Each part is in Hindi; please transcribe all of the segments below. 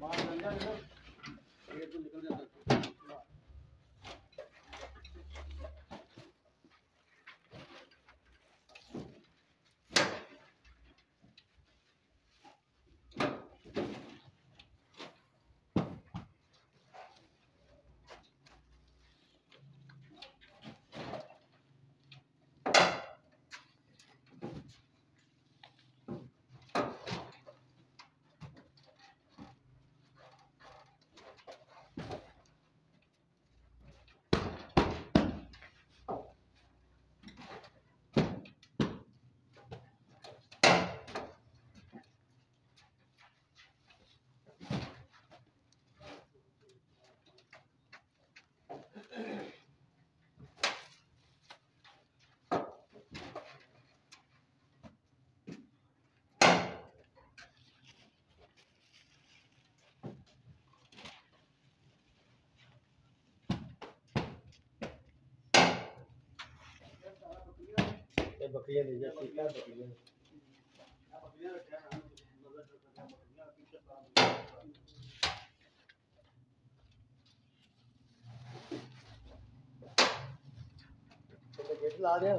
बात ये बकरियां ले है बकरियां तो गेट ला दे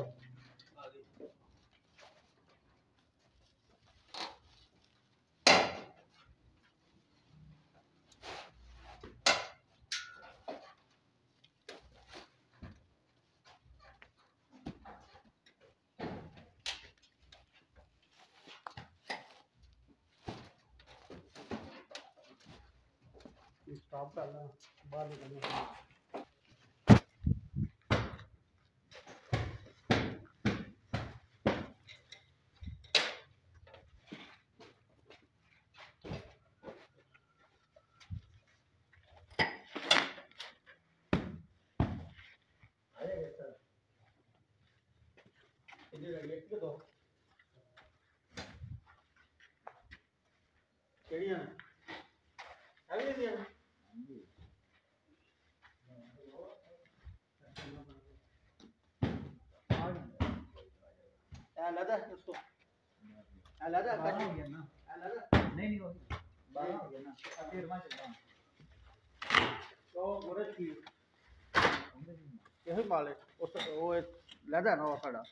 स्टॉप डालना बाहर निकलना ਕਿਹੜੀਆਂ ਨੇ ਇਹ ਵੀ ਦੀਆਂ अलहदा है उसको अलहदा कर दिया ना अलहदा नहीं नहीं हो बारह हो गया ना फिर वहां चलता हूं तो गोरज की यही माल है उस वो लदा ना खड़ा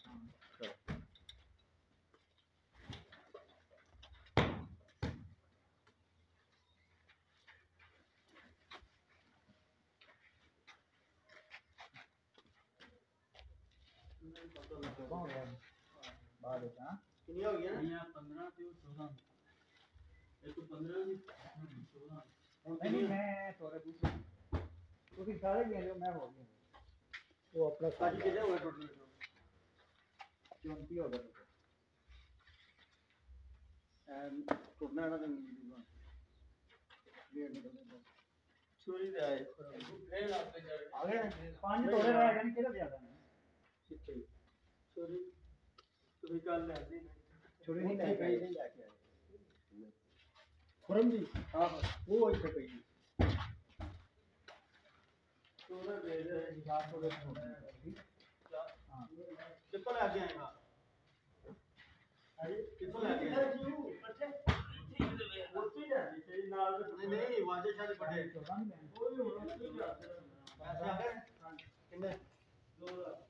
Bom, né? बाद होता है हाँ? कितनी हो गया यहां 15 से 14 ये तो 15 से 14 नहीं मैं थोड़ा दूसरा क्योंकि सारे गए जो मैं हो गया वो अपना सारी चीजें हुआ टोटल चौंती हो गया टोटना ना देंगे छोरी दे आए ट्रेन आपने चढ़ आगे पानी थोड़े रह गए किधर जाता है ठीक है छोरी कोई गल है जी छोड़ी नहीं लेके आई नहीं लेके आई खुरम जी आहो वो इथे पई पूरा भेज रहे हैं बात हो गई हां चप्पल आ गया है अरे किथों आ गया नहीं नहीं वाजे शादी पढ़े कोई हो नहीं जाता ऐसा है किन्ने दो लाख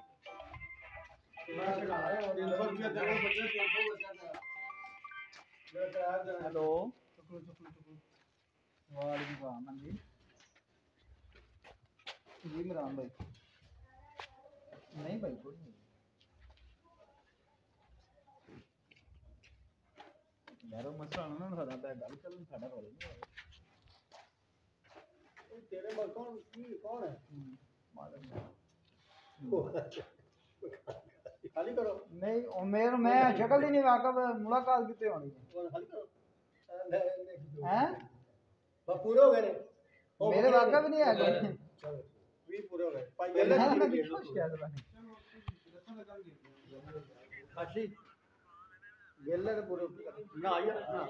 हेलो वालेकुम जी जी भाई नहीं भाई कुछ नहीं यार मसला ना ना साडा बैग गल चल साडा रोल नहीं तेरे मल कौन की कौन है हम्म। मालूम नहीं खाली करो नहीं मेरे मैं शक्ल ही नहीं वाकफ मुलाकात कितने होनी है खाली करो हैं बस पूरे हो गए ने मेरे वाकफ नहीं है चलो भी पूरे हो गए पाई गले क्या है खासी गले पूरे ना आइए ना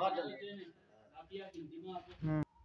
मार चल आप या हिंदी में आप